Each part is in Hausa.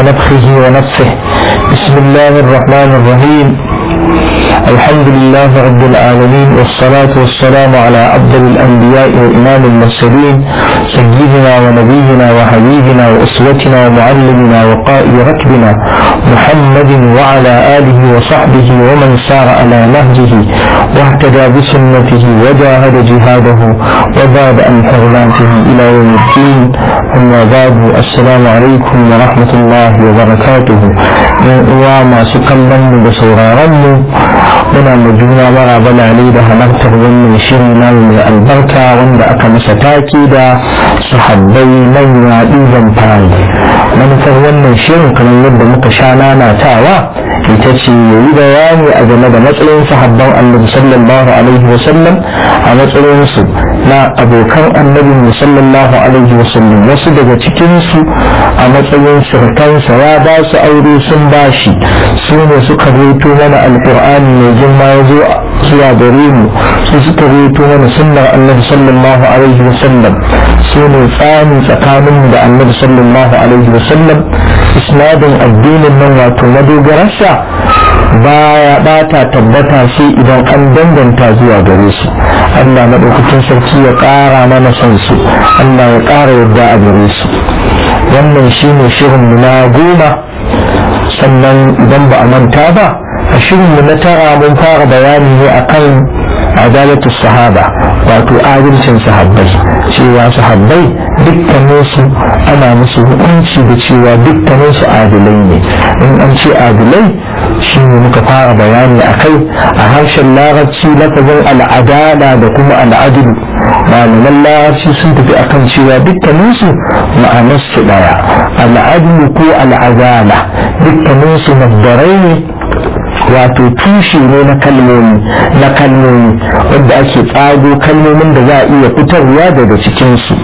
ونفخه ونفسه بسم الله الرحمن الرحيم الحمد لله رب العالمين والصلاة والسلام على أفضل الأنبياء وإمام المرسلين سيدنا ونبينا وحبيبنا وأسوتنا ومعلمنا وقائد ركبنا محمد وعلى آله وصحبه ومن سار على نهجه واهتدى بسنته وجاهد جهاده وباب أن حرماته إلى يوم الدين أما بعد السلام عليكم ورحمة الله وبركاته وما سكلم بسورارم بصورة رمو juna mara bala بلا da halartar wannan شرنا من البركة albarka wanda sahabbai manya ɗiban fari manufar wannan shirin kamar yadda muka sha nanatawa ita ce ya yi bayani a game da matsayin sahabban annabi sallallahu alaihi sallam. a matsayinsu na abokan annabi sallallahu alaihi sallam wasu daga cikinsu a matsayin surkansa ya ba su aure sun bashi su ne suka rubuto mana alkur'ani mai girma ya zo zuwa gare mu su suka reto mana sunnar annabi sallallahu alaihi wa sallam su ne tsani tsakanin da annabi sallallahu alaihi wa sallam isnadin addinin nan wato madogararsa baya bata tabbata shi idan an danganta zuwa gare shi Allah madaukakin sarki ya ƙara mana son su Allah ya ƙara yadda a gare su wannan shine shirin na goma sannan idan ba a manta ba أشنو نترى من فار بيانه أقل عدالة الصحابة وأتو آدم صحابي شيوا صحابي dukkaninsu ana musu hukunci da cewa dukkaninsu adilai ne in an ce adilai shi ne muka fara bayani a kai a harshen larabci lafazin al'adala da kuma al'adilu malaman larabci sun tafi akan cewa dukkaninsu ma'anarsu daya al'adilu ko al'adala dukkaninsu mabdarai ne wato tushe ne na kalmomi na kalmomi wanda ake tsago kalmomin da za a iya fitarwa daga cikinsu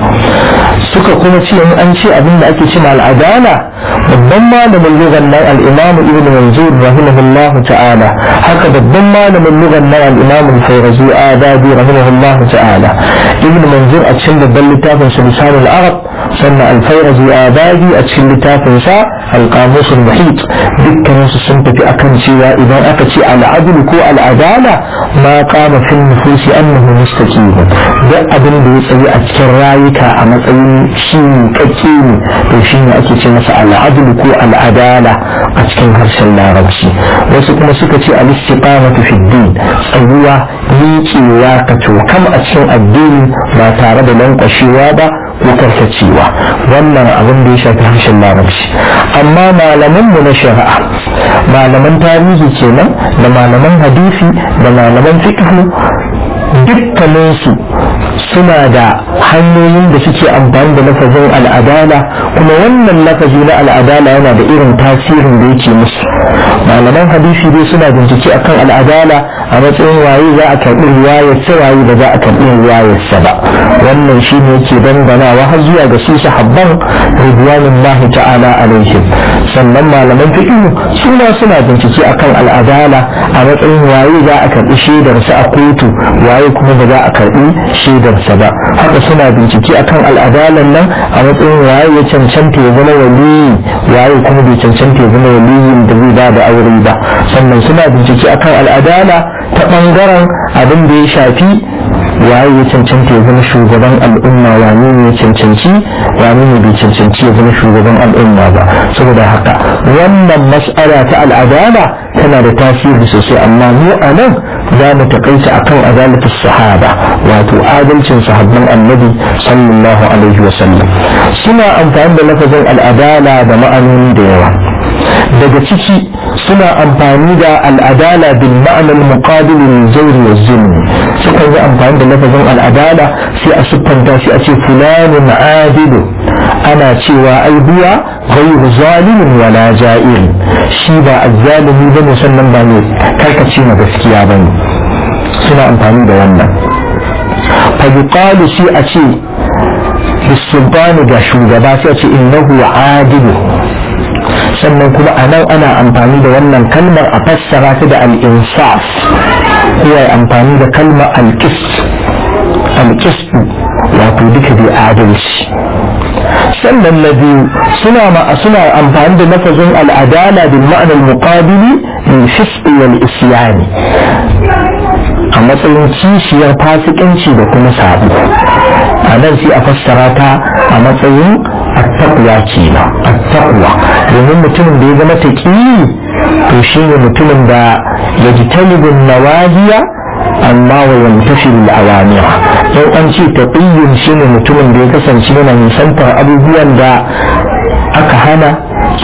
suka kuma ce an ce abin da ake cin al'adala الضمة لم اللغة الإمام ابن منزور رحمه الله تعالى هكذا الضمة لم اللغة الإمام الفيرزي آبادي رحمه الله تعالى ابن منزور أتشل الدل تاف سلسان العرب سنة الفيرزي آبادي أتشل تاف سا القاموس المحيط ذكا نص السنطة أكن سوى إذا أفت على عدل كو العدالة ما قام في النفوس أنه مستكين ده أبن بيسأل أتكرايك عمل أي شيء كتين وشين أكي al'adl ko al'adala a cikin harshen larabci wasu kuma suka ce al-istiqamatu fi din tsayuwa miƙewa ka kam a cikin addini ba tare da lankwashewa ba ko karkacewa wannan abin da ya shafi harshen larabci amma malaman mu na shari'a malaman tarihi kenan da malaman hadisi da malaman fiqh dukkaninsu suna da hanyoyin da suke amfani da lafazin al'adala kuma wannan lafazi na al'adala yana da irin tasirin da yake musu malaman hadisi dai suna bincike akan al'adala a matsayin waye za a karɓi riwayarsa waye ba za a karɓi riwayarsa ba wannan shi ne yake danganawa har zuwa ga su sahabban ridwanullahi ta'ala alaihim sannan malaman fiqh suna suna bincike akan al'adala a matsayin waye za a karɓi shaidarsa a kotu waye kuma ba za a karɓi shaidar sa ba haka suna bincike akan al'adalan nan a matsayin waye ya cancanta ya zama waliyi waye kuma bai cancanta ya zama waliyin da zai ba da aure ba sannan suna bincike akan al'adala ta bangaren abin da ya shafi waye ya cancanta ya zama shugaban al'umma wane ne ya cancanci wane ne bai cancanci ya zama shugaban al'umma ba saboda haka wannan mas'ala ta al'adala tana da tasiri sosai amma mu a nan za mu takaita akan azalatus sahaba wato adalcin sahabban annabi sallallahu alaihi wa sallam suna amfani da lafazin al'adala da ma'anoni da yawa daga ciki suna amfani da al'adala bil ma'anar muqabil zawr wa sukan suka yi amfani da lafazin al'adala sai a siffanta shi a ce fulanun adilu ana cewa ai biya غير zalumin ولا جائر shi ba azzalimi ba ne sannan ba ne karkace na gaskiya ba ne suna amfani da wannan fagi ƙwalu a ce bisubbanu ga shugaba sai a ce innahu adilu sannan kuma a nan ana amfani da wannan kalmar a fassara ta da al'insaf ko ya amfani da kalmar alkist alkist wato duka bai adalci sannan na biyu suna suna amfani da lafazin al'adala bil ma'ana al-muqabili min fisqi wal isyani a matsayin kishiyar fasikanci da kuma sabu a nan sai a fassara ta a matsayin attaqwa kenan attaqwa domin mutumin da ya zama taqi to shine mutumin da yajtalibun nawahiya amma wa yamtasil awamir yau an ce taqiyyun shine mutumin da ya kasance yana nisantar abubuwan da aka hana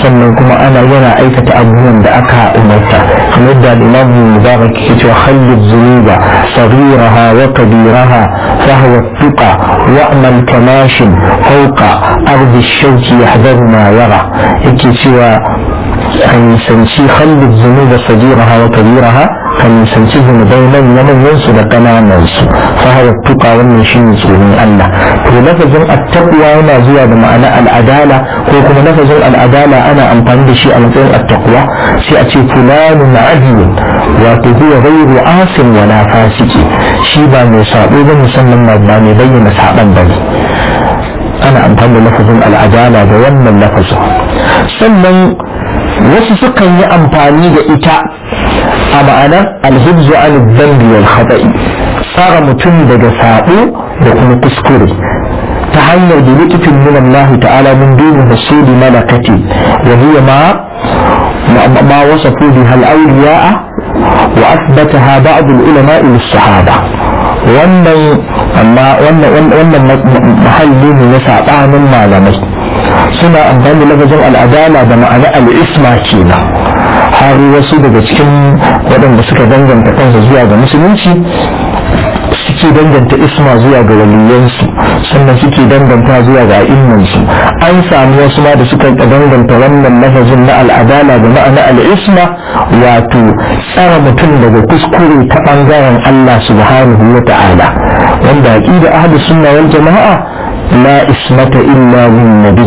sannan kuma ana yana aikata abubuwan da aka umarta kamar da imam mubarak ke cewa khallid zunuba sagiraha wa kabiraha fahwa tuqa wa amal kamashin fawqa ardi shauki yahdharu ma yara yake cewa an nisanci khallid zunuba sagiraha wa kabiraha فمن سنسيهم دائما ومن ينسو لقنا ننسو فهذا التقى ومن شيء من الله كل لفظ التقوى وما زيادة معنى العدالة هو كما لفظ العدالة أنا أمطان بشيء أمطان التقوى سيأتي فلان عدل وهو غير عاص ولا فاسق شيبا يصابون مسلم ما بين أصحابا بني أنا أمطان لفظ العدالة ومن لفظه سلم wasu sukan yi amfani da ita a ma'ana alhibzu an dambi wal khata'i tsara mutum daga sabo da kuma kuskure ta hanyar da likitin min Allah ta'ala min duni hasudi malakati wa huwa ma ma, bi hal ما وصفوا بها ba'd al ulama al sahaba wannan amma wannan wannan mahallin ne na sabanin malamai suna amfani da lafazin al'adala da ma'ana al'isma kenan har wasu daga cikin waɗanda suka danganta kansa zuwa ga musulunci suke danganta isma zuwa ga waliyansu sannan suke danganta zuwa ga immansu an sami wasu ma da suka danganta wannan lafazin na al'adala da ma'ana al'isma wato tsara mutum daga kuskure ta bangaren Allah subhanahu wa ta'ala wanda da ahlus sunna wal jama'a la ismata illa min nabi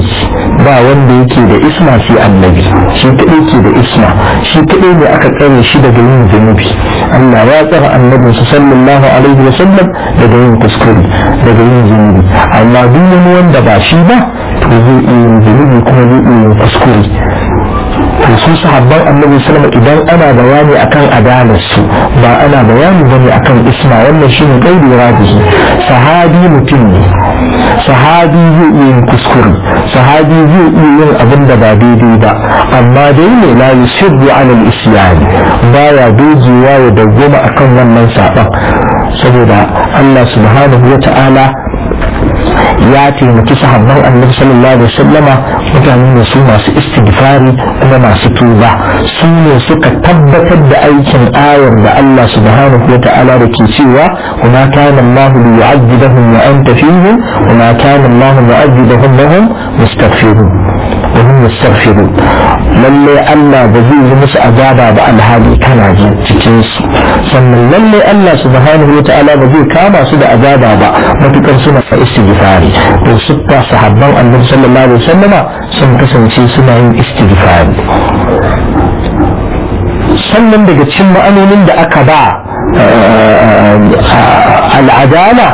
ba wanda yake da isma sai annabi shi kadai ke da isma shi kadai ne aka tsare shi daga yin zunubi Allah ya tsara annabin su sallallahu alaihi wa sallam daga yin kuskure daga yin zunubi amma duk wani wanda ba shi ba to zai iya yin zunubi kuma zai iya yin kuskure to su sahabban annabi sallama idan ana bayani akan adalarsu ba ana bayani bane akan isma wannan shine kaidi rabi sahabi mutum ne sahabi zai yi kuskure sahabi zai yi yin abin da ba daidai ba amma dai ne la yusibbu ala al-isyani doji dojewa ya dawwama akan wannan saban saboda Allah subhanahu wa ta'ala ya taimaki sahabban annabi sallallahu alaihi wasallama mutanen da su masu istighfari kuma masu tuba su ne suka tabbatar da aikin ayar da Allah subhanahu wata'ala da ke cewa kuma kana Allah li yu'azzibahum wa anta fihim wa ma kana Allah mu'azzibahum wa hum mustaghfirun wa hum yastaghfirun lalle Allah ba zai yi musu azaba ba alhali kana ji cikin su sannan lalle Allah subhanahu wata'ala ba zai kama su da azaba ba matukar suna istighfari to su ta sahabban Annabi sallallahu alaihi wasallama sun kasance suna yin istighfar sannan daga cikin ma'anonin da aka ba al'adala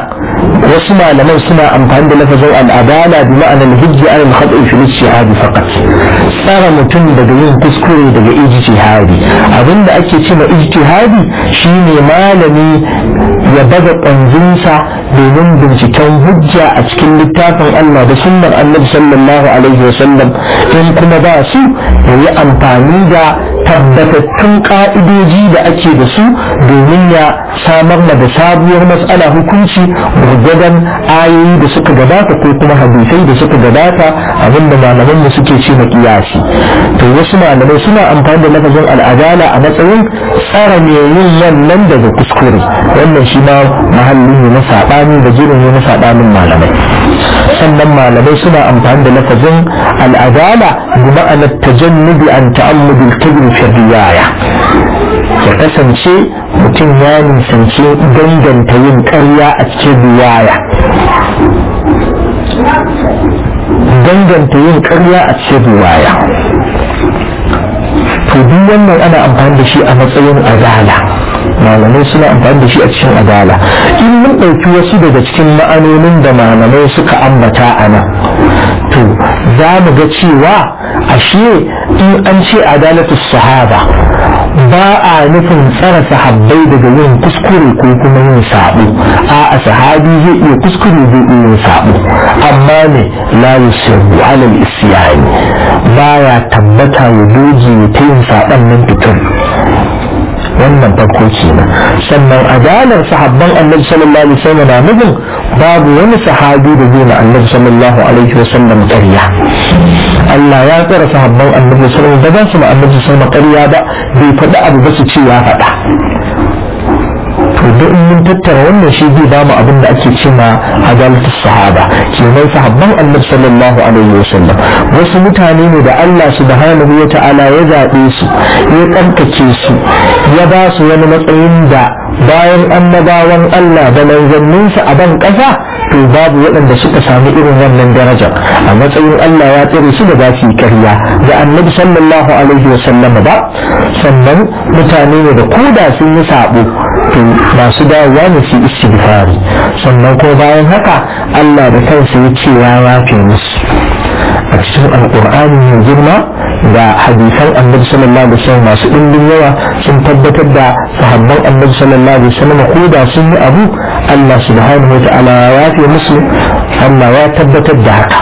wasu malaman suna amfani da lafazin al'adala bi ma'anar hijji an al-khad'i fi al-ijtihad faqat tsara mutum daga yin kuskure daga ijtihadi abinda ake cewa ijtihadi shine malami ya baza ƙwanzinsa domin binciken hujja a cikin littafin Allah da sunnar annabi sallallahu alaihi wasallam in kuma ba su ya yi amfani da tabbatattun ƙa'idoji da ake da su domin ya samar da sabuwar matsala hukunci gurgudan ayoyi da suka gabata ko kuma hadisai da suka gabata abinda malaman mu suke ce na kiyasi to wasu malamai suna amfani da lafazin al'adala a matsayin tsara mai yin wannan daga kuskure wannan shi ma mahallin ne na saɓani da jirin ne na saɓanin malamai sannan malamai suna amfani da lafazin al'adala bi ma'anar tajannubi an ta'ammudul kibri في biyaya ya kasance mutum ya nisanci danganta yin karya a cikin riwaya danganta yin karya a cikin riwaya to duk wannan ana amfani da shi a matsayin adala malamai suna amfani da shi a cikin adala in mun ɗauki wasu daga cikin ma'anonin da malamai suka ambata a nan to za mu ga cewa ashe in an ce adalatu sahaba ba a nufin tsara sahabbai daga yin kuskure ko kuma yin sabo a a sahabi zai iya kuskure zai iya yin sabo amma ne la yusiru alal ba baya tabbata ya doji ya ta yin saban nan fitin wannan farko kenan sannan adalar sahabban annabi sallallahu alaihi wasallam na nufin babu wani sahabi da zai na annabi sallallahu alaihi wasallam ƙarya Allah ya tsara sahabban annabi sallallahu alaihi wasallam ba annabi sallallahu ƙarya ba bai faɗi abu ba su ce ya faɗa to da in mun tattara wannan shi zai bamu abin da ake ce ma adalatu sahaba kenan sahabban annabi sallallahu alaihi wasallam wasu mutane ne da Allah subhanahu wa ta'ala ya zaɓe su ya tsarkake su ya ba su wani matsayin da bayan annabawan Allah da manzanninsa a ban ƙasa to babu waɗanda suka sami irin wannan darajar a matsayin Allah ya tsare su da za su yi karya da annabi sallallahu alaihi wa sallama ba sannan mutane ne da koda sun yi sabo to masu dawowa ne su istighfari sannan ko bayan haka Allah da kansa ya ce ya rafe musu a cikin alƙur'ani mai girma da hadisan annabi sallallahu alaihi wasallam masu ɗimbin yawa sun tabbatar da sahabban annabi sallallahu alaihi wasallam ko da sun yi abu الله سبحانه وتعالى وآتي مسلم أن لا تبت الدعكة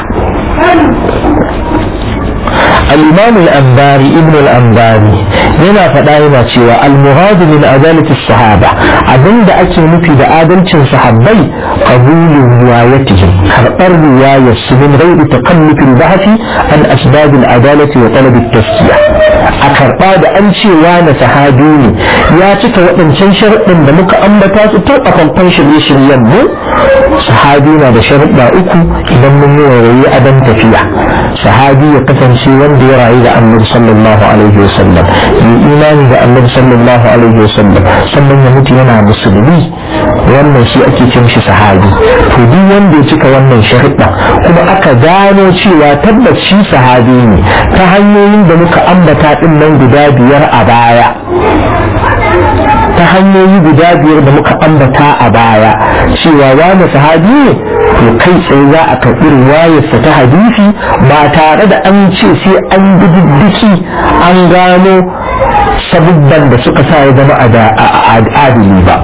الإمام الأنباري ابن الأنباري هنا فدائما شوى المغادر من أدالة الصحابة أدن دا أكي في دا آدالة الصحابة قبول روايتهم هرقر رواية من غير تقلق البحث عن أسباب الأدالة وطلب التسكية أكرقا دا أنشي وانا سحادوني يا تكا وقن تنشر من دمك أم بتاس تو أقل تنشر يشن ينمو سحادونا دا شرق دا أكو إذن من مو ويأدن تفيا سحادي يقفن شوى wanda ya rayu da annabi sallallahu alaihi wasallam yi imani da annabi sallallahu alaihi wasallam sannan ya mutu yana musulmi wannan shi ake cin shi sahabi to duk wanda ya cika wannan sharuɗa kuma aka gano cewa tabbas shi sahabi ne ta hanyoyin da muka ambata din nan guda biyar a baya ta hanyoyi guda biyar da muka ambata a baya cewa wani sahabi ne wato kai tsaye za a karɓi riwayarsa ta hadisi ba tare da an ce sai an bi diddiki an gano sabubban da suka sa ya zama adili ba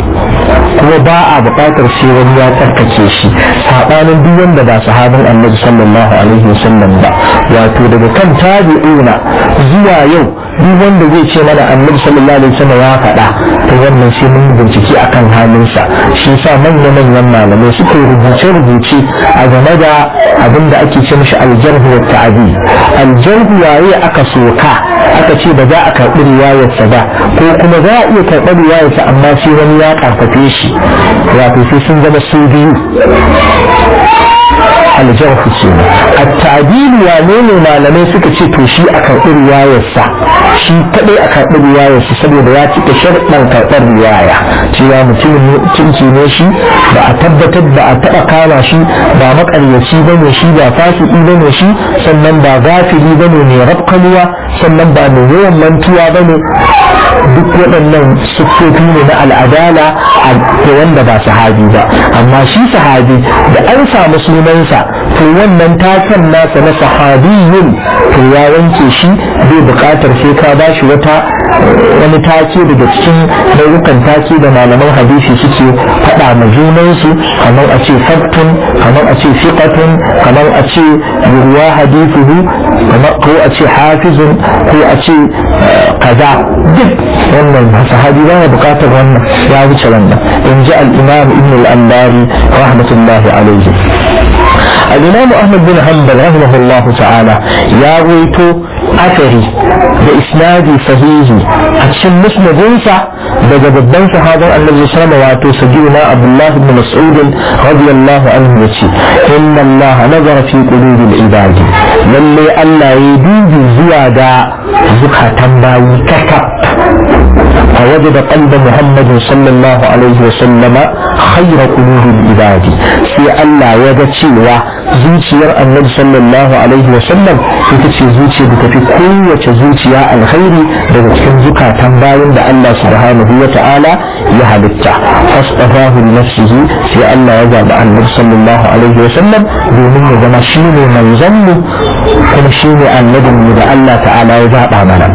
kuma ba a buƙatar sai wani ya tsarkake shi saɓanin duk wanda ba sahabin annabi sallallahu alaihi wasallam ba wato daga kan tabi'una zuwa yau duk wanda zai ce mana annabi sallallahu alaihi wasallam ya faɗa to wannan sai mun bincike akan sa shi yasa manyan manyan malamai suka rubuce rubuce a game da abin da ake ce mishi aljarhu wa ta'adi aljarhu waye aka soka aka ce ba za a karɓi riwayarsa ba ko kuma za a iya karɓar riwayarsa amma sai wani ya karfafe shi wato sai sun zama su biyu aljarhu kenan at-ta'dil wane ne malamai suka ce to shi a karɓi riwayarsa shi kadai a karɓi riwayarsa saboda ya cika sharɗan karɓar riwaya cewa mutumin cinci ne shi ba a tabbatar ba a taɓa kama shi ba makaryaci ba ne shi ba fasiki ba ne shi sannan ba gafili ba ne mai rafkanuwa sannan ba mai yawan mantuwa ba ne duk waɗannan siffofi ne na al'adala a ta wanda ba sahabi ba amma shi sahabi da an samu sunansa to wannan takan nasa na sahabiyun to ya wanke shi bai buƙatar sai ka ba shi wata wani taki daga cikin nau'ukan taki da malaman hadisi suke faɗa ma junansu kamar a ce sabtun kamar a ce fiqatun kamar a ce ruwa hadithuhu kamar ko a ce hafizun ko a ce kaza duk wannan sahabi ba ya buƙatar wannan ya wuce wannan in ji al-imam ibn al-ambari rahmatullahi alaihi al-imam ahmad bin hanbal rahimahullahu ta'ala ya ruwaito أثري بإسناد صحيح أتشن مسلم جنسة بجد الدنسة هذا أن الله سلام واتو سجينا عبد الله بن مسعود رضي الله عنه وشي إن الله نظر في قلوب العباد للي ألا يدود زيادة زكاة تنباوي كتب فوجد قلب محمد صلى الله عليه وسلم خير قلوب العباد في أن لا ألا يدتشيوا زوجي النبي صلى الله عليه وسلم في تشي زوجي بكفي قوة زوجيا الخير بذكين زكاة تنباين لألا سبحانه وتعالى يهبتا فاصطفاه لنفسه في أن لا يجب النبي صلى الله عليه وسلم بمن زمشيني من زمه أن النبي من ألا تعالى يجب عملا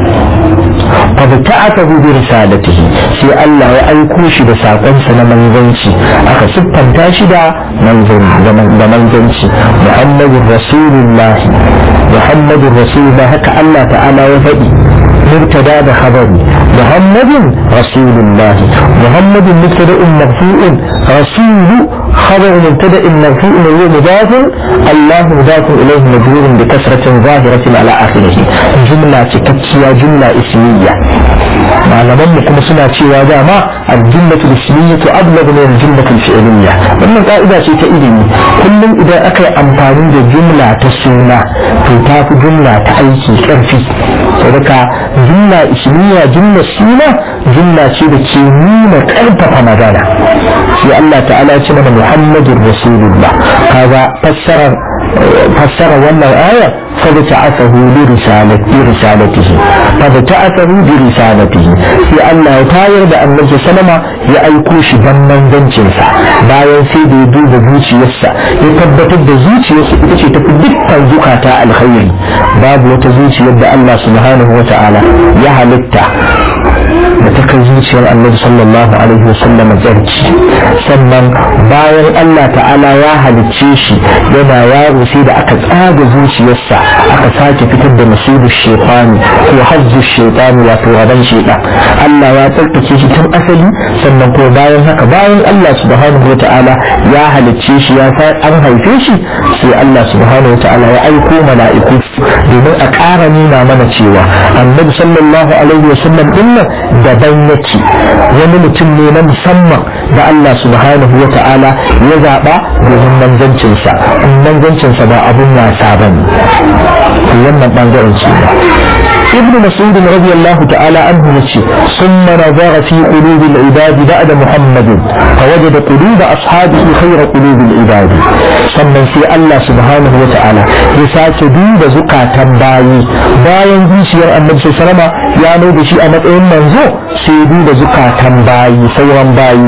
قد تعتب برسالته في الله يأيكوش بساقنس لمنزنسي أخا سبحان تاشدا لمنزنسي محمد رسول الله محمد رسول الله هكا الله تعالى وفئي مرتدى بخبري محمد رسول الله محمد مرتدى مرفوع رسول خبر مبتدا مرفوع له مضاف الله مضاف اليه مجرور بكثره ظاهره على اخره جمله تكتشيه جمله اسميه malaman mu kuma suna cewa dama al-jumlatu al-ismiyyatu ablagh min al-jumlatu al-fi'liyya wannan ka'ida ce ta ilimi kullum idan akai amfani da jumla ta suna to ta fi jumla ta aiki karfi saboda jumla ismiyya jumla suna jumla ce da ke nuna karfafa magana shi Allah ta'ala ya ce Muhammadur Rasulullah kaga fassarar فسر wannan آية فبتعثه برسالة برسالته فبتعثه برسالته في تاير بأن نجي سلمة ya aiko shi dan manzancinsa bayan sai da ya duba zuciyarsa ya tabbatar da zuciyarsa ita ce tafi dukkan zukata alkhairi babu wata zuciyar da Allah subhanahu wata'ala ya halitta da ta kai zuciyar annabi sallallahu alaihi wasallam zarci sannan bayan Allah ta'ala ya halicce shi yana yaro sai da aka tsaga zuciyarsa aka sake fitar da nasibu Shekwani ko hazzu Shekwani wato raban shaytan Allah ya tsarkake shi tun asali sannan ko bayan haka bayan Allah subhanahu wa ta'ala ya halicce shi ya an haife shi sai Allah subhanahu wa ta'ala ya aiko mala'iku domin a ƙara nuna mana cewa annabi sallallahu alaihi wa sallam din nan daban yake wani mutum ne na musamman da Allah subhanahu wa ta'ala ya zaba domin manzancin sa ba abun wasa ba ne wannan ɓangaren ce ابن مسعود رضي الله تعالى عنه نشي ثم نظر في قلوب العباد بعد محمد فوجد قلوب أصحابه خير قلوب العباد ثم في الله سبحانه وتعالى يساك دوب زكاة باي باين بيشي النبي صلى الله عليه وسلم يانو بشي أمد إن منزو سيدوب زكاة باي سيرا باي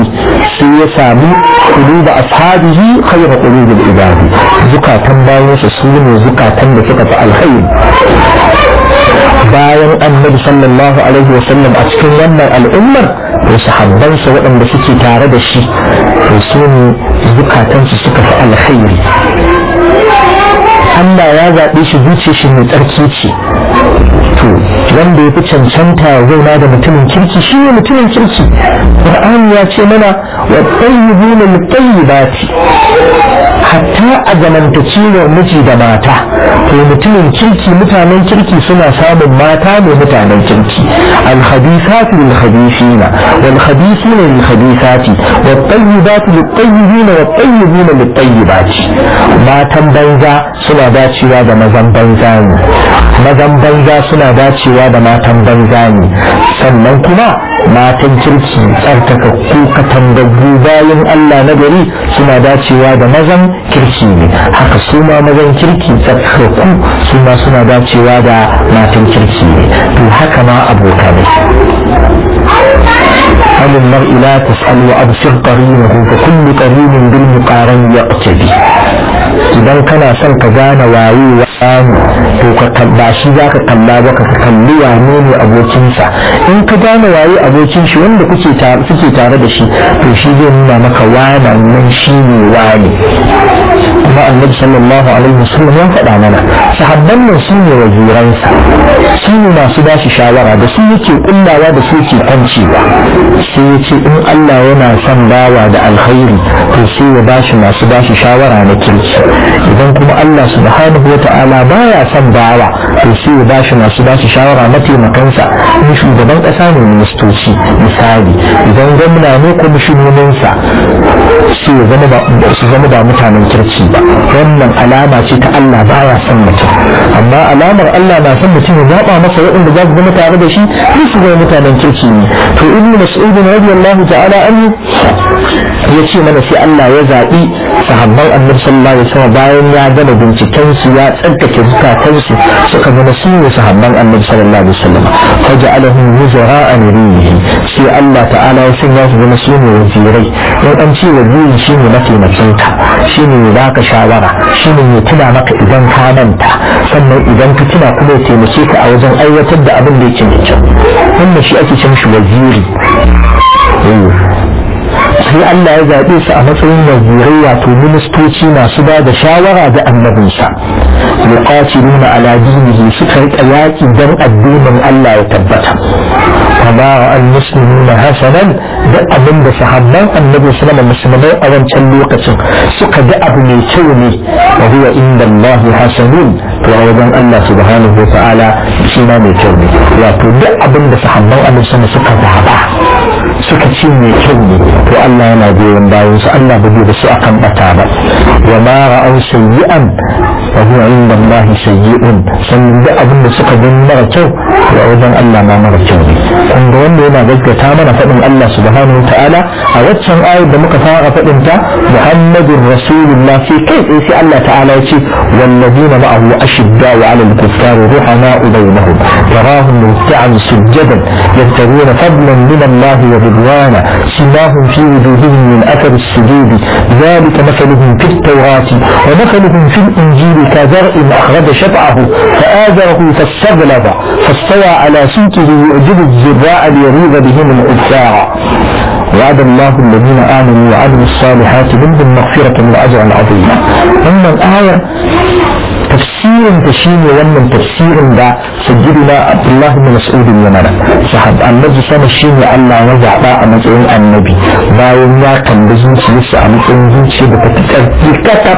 sai ya samu qulubu ashabihi khayra qulubi al-ibad zukatan bayan su sune zukatan da suka fi alkhairi bayan annabi sallallahu alaihi wa sallam a cikin wannan al'ummar to sahabbansa waɗanda suke tare da shi to su ne zukatansu suka fi alkhairi Allah ya zaɓe shi zuciya shi mai tsarki ce to wanda ya fi cancanta zauna da mutumin kirki shi ne mutumin kirki Qur'an ya ce mana wa tayyibuna tayyibati hatta a zamantakewar miji da mata to mutumin kirki mutanen kirki suna samun mata ne mutanen kirki al-khabithatu lil-khabithina wal-khabithuna lil-khabithati wa tayyibatu lil tayyibina wa tayyibuna lil tayyibati matan banza suna dacewa da mazan banza ne mazan banza suna dacewa da matan banza ne sannan kuma matan kirki tsartaka ko katangaggu bayan Allah na gari suna dacewa da mazan kirki ne haka su ma mazan kirki tsartaka tsarkaka su ma suna dacewa da matan kirki ne to haka ma abokanai عن المرء لا تسأل وأبصر قرينه فكل قرين بالمقارن يقتدي إذا كان سلك جان وايو samu to ka shi za ka kalla ba ka kalli wane ne abokinsa in ka gane waye abokin shi wanda kuke suke tare da shi to shi zai nuna maka wana nan shi ne wane kuma annabi sallallahu alaihi wasallam ya faɗa mana sahabban nan sun ne waziransa su ne masu ba shi shawara da su yake kullawa da su ke kwancewa sai ya ce in Allah yana son bawa da alkhairi to sai ya ba shi masu ba shi shawara na kirki idan kuma Allah subhanahu wa ta'ala ta'ala baya son bawa to shi ya bashi masu bashi shawara mataimakansa in shugaban kasa ne ministoci misali idan gwamna ne ko sa shi ya zama ba shi zama mutanen kirki ba wannan alama ce ta Allah baya son mutum amma alamar Allah na son mutum ya zaba masa waɗanda za su zama tare da shi su zama mutanen kirki ne to ibnu mas'ud radiyallahu ta'ala anhu ya ce mana sai Allah ya zabi sahabban annabi sallallahu alaihi wasallam bayan ya gama binciken su ya tsaddake zukatan su suka gama su ne sahabban annabi sallallahu alaihi wasallam fa ja'alahum wuzara'an rihi sai Allah ta'ala ya sanya su gama su ne wazirai dan an ce waziri shine mataimakin shi ne ya baka shawara shi ne ya tuna maka idan ka manta sannan idan ka tuna kuma ya taimake ka a wajen aiwatar da abin da yake mai kyau wannan shi ake cewa shi waziri sai Allah ya zabe su a matsayin wazirayya to ministoci masu ba da shawara da annabinsa yuqatiluna ala dinihi suka rika yaƙi dan addinin Allah ya tabbata kama an muslimuna hasanan da abin da sahabban annabi sallallahu alaihi musulmai a wancan lokacin suka da abu mai kyau ne wa huwa inda Allah hasanun to a wajen Allah subhanahu wa ta'ala shi ma mai kyau ne wato duk abin da sahabban annabi sallallahu alaihi wasallam suka zaɓa suka ce mai kyau ne to Allah yana goyon bayan su Allah bai da su akan bata ba wa ma ra'aw وهو عند الله سيء sannan duk abin da suka gani mara kyau da wajen Allah ma mara kyau ne kun ga wanda yana gaskata mana faɗin Allah subhanahu ta'ala a waccan ayar da muka fara faɗin ta Muhammadur Rasulullah sai kai tsaye sai Allah ta'ala ya ce wallazina ma'ahu ashidda wa 'alal kuffari ruhama'u bainahum tarahum ruk'an sujadan yabtaguna fadlan min Allah wa ridwana simahum fi wujuhihim min athar as-sujud ذلك مثلهم في التوراة ومثلهم في الإنجيل كزرع أخرج شبعه فآذره فاستغلظ فاستوى على سوته يعجب الزراء ليريض بهم الكفار وعد الله الذين آمنوا وعملوا الصالحات منهم مغفرة وأجرا عظيما أما الآية تفسير تشين ومن تفسير دا سجدنا عبد الله بن مسعود يمنا صحاب نجد سنة الشين عليه الله وزعبا مزعون النبي ما يا كان بزنس يسعى مثل زنسي بتتكتب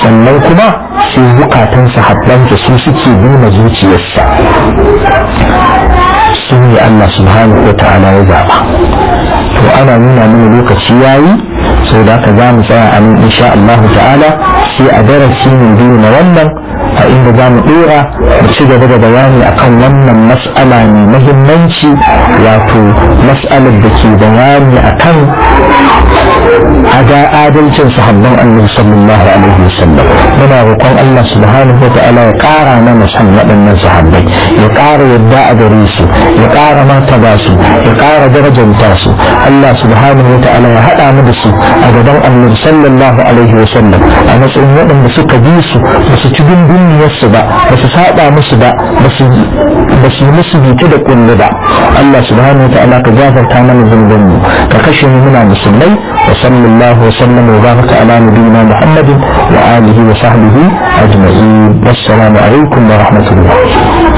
sannan kuma shi zukatan sahabbansa su suke nuna zuciyarsa su ne Allah subhanahu wa ta'ala ya zaba to ana nuna mana lokaci yayi sau da aka za mu tsaya a nan insha Allah ta'ala sai a darasi mai biyu na wannan a inda za mu dora mu ci gaba da bayani akan wannan mas'ala mai muhimmanci wato mas'alar da ke bayani akan ada adalcin sahabban annabi sallallahu alaihi wasallam muna roƙon Allah subhanahu wataala ya ƙara mana san waɗannan sahabbai ya ƙara yadda a gare su ya ƙara martaba su ya ƙara darajanta su Allah subhanahu wataala ya haɗa mu da su a gaban annabi sallallahu alaihi wasallam a matsayin waɗanda suka bi su ba su ci dundun munniyarsu ba ba su saba musu ba ba su yi musu bita da kullu ba Allah subhanahu wa ta'ala ka gafarta mana zunubin mu ka kashe mu muna musulmai wa sallallahu wa sallam wa baraka ala nabiyyina muhammadin wa alihi wa sahbihi ajma'in wassalamu alaikum wa rahmatullah